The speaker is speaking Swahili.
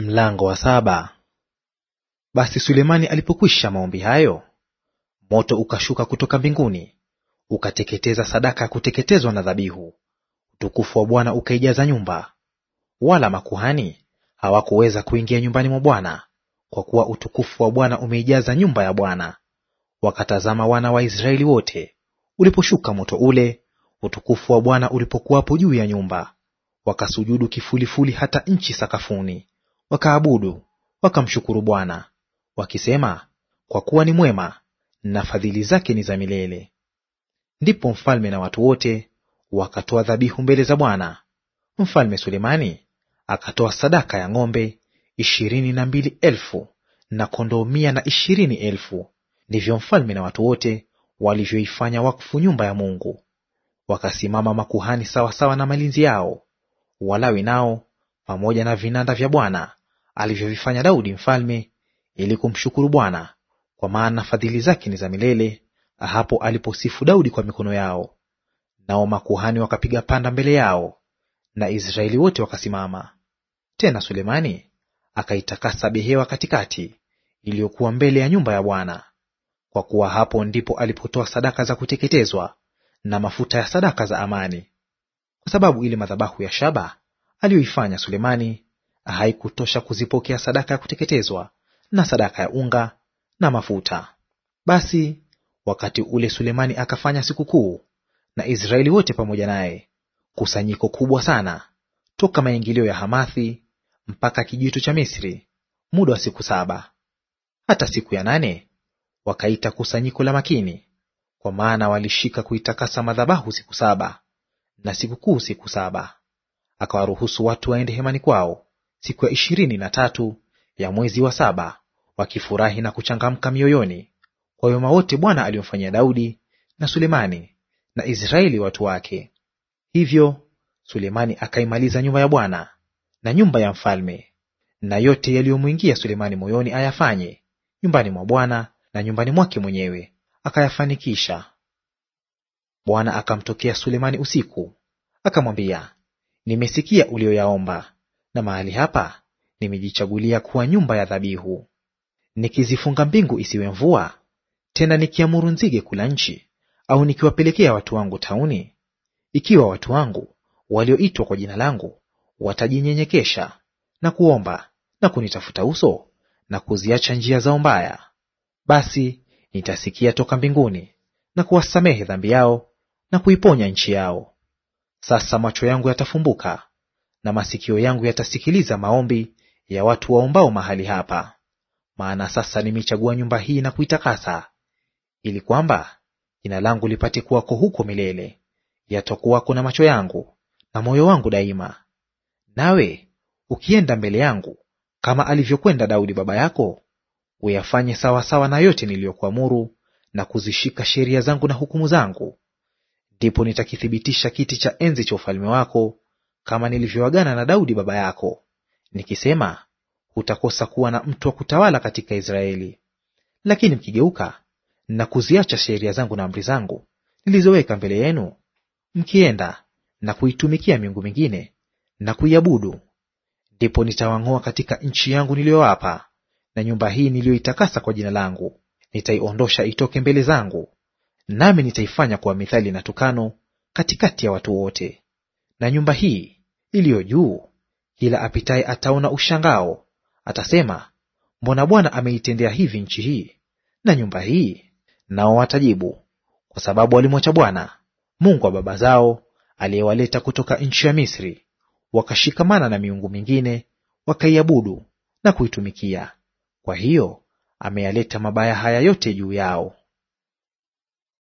Mlango wa saba. Basi Sulemani alipokwisha maombi hayo, moto ukashuka kutoka mbinguni ukateketeza sadaka ya kuteketezwa na dhabihu, utukufu wa Bwana ukaijaza nyumba. Wala makuhani hawakuweza kuingia nyumbani mwa Bwana, kwa kuwa utukufu wa Bwana umeijaza nyumba ya Bwana. Wakatazama wana wa Israeli wote uliposhuka moto ule, utukufu wa Bwana ulipokuwapo juu ya nyumba, wakasujudu kifulifuli hata nchi sakafuni wakaabudu wakamshukuru Bwana, wakisema, kwa kuwa ni mwema na fadhili zake ni za milele. Ndipo mfalme na watu wote wakatoa dhabihu mbele za Bwana. Mfalme Sulemani akatoa sadaka ya ng'ombe ishirini na mbili elfu na kondoo mia na ishirini elfu. Ndivyo mfalme na watu wote walivyoifanya wakfu nyumba ya Mungu. Wakasimama makuhani sawasawa na malinzi yao, Walawi nao pamoja na vinanda vya Bwana alivyovifanya Daudi mfalme, ili kumshukuru Bwana, kwa maana fadhili zake ni za milele, hapo aliposifu Daudi kwa mikono yao. Nao makuhani wakapiga panda mbele yao, na Israeli wote wakasimama. Tena Sulemani akaitakasa behewa katikati iliyokuwa mbele ya nyumba ya Bwana, kwa kuwa hapo ndipo alipotoa sadaka za kuteketezwa na mafuta ya sadaka za amani, kwa sababu ile madhabahu ya shaba aliyoifanya Sulemani haikutosha kuzipokea sadaka ya kuteketezwa na sadaka ya unga na mafuta. Basi wakati ule Sulemani akafanya sikukuu na Israeli wote pamoja naye, kusanyiko kubwa sana toka maingilio ya Hamathi mpaka kijito cha Misri, muda wa siku saba. Hata siku ya nane wakaita kusanyiko la makini, kwa maana walishika kuitakasa madhabahu siku saba na sikukuu siku saba. Akawaruhusu watu waende hemani kwao siku ya ishirini na tatu ya mwezi wa saba, wakifurahi na kuchangamka mioyoni kwa wema wote Bwana aliyomfanyia Daudi na Sulemani na Israeli watu wake. Hivyo Sulemani akaimaliza nyumba ya Bwana na nyumba ya mfalme, na yote yaliyomwingia Sulemani moyoni ayafanye nyumbani mwa Bwana na nyumbani mwake mwenyewe akayafanikisha. Bwana akamtokea Sulemani usiku, akamwambia, nimesikia uliyoyaomba na mahali hapa nimejichagulia kuwa nyumba ya dhabihu. Nikizifunga mbingu isiwe mvua, tena nikiamuru nzige kula nchi, au nikiwapelekea watu wangu tauni, ikiwa watu wangu walioitwa kwa jina langu watajinyenyekesha na kuomba na kunitafuta uso na kuziacha njia zao mbaya, basi nitasikia toka mbinguni na kuwasamehe dhambi yao na kuiponya nchi yao. Sasa macho yangu yatafumbuka na masikio yangu yatasikiliza maombi ya watu waombao mahali hapa. Maana sasa nimechagua nyumba hii na kuitakasa, ili kwamba jina langu lipate kuwako huko milele. Yatakuwako na macho yangu na moyo wangu daima. Nawe ukienda mbele yangu kama alivyokwenda Daudi baba yako, uyafanye sawasawa na yote niliyokuamuru, na kuzishika sheria zangu na hukumu zangu, ndipo nitakithibitisha kiti cha enzi cha ufalme wako kama nilivyoagana na Daudi baba yako, nikisema, hutakosa kuwa na mtu wa kutawala katika Israeli. Lakini mkigeuka na kuziacha sheria zangu na amri zangu nilizoweka mbele yenu, mkienda na kuitumikia miungu mingine na kuiabudu, ndipo nitawang'oa katika nchi yangu niliyowapa, na nyumba hii niliyoitakasa kwa jina langu nitaiondosha itoke mbele zangu, nami nitaifanya kuwa mithali na tukano katikati ya watu wote, na nyumba hii iliyo juu, kila apitaye ataona ushangao, atasema, mbona Bwana ameitendea hivi nchi hii na nyumba hii? Nao watajibu, kwa sababu walimwacha Bwana Mungu wa baba zao, aliyewaleta kutoka nchi ya Misri, wakashikamana na miungu mingine, wakaiabudu na kuitumikia. Kwa hiyo ameyaleta mabaya haya yote juu yao.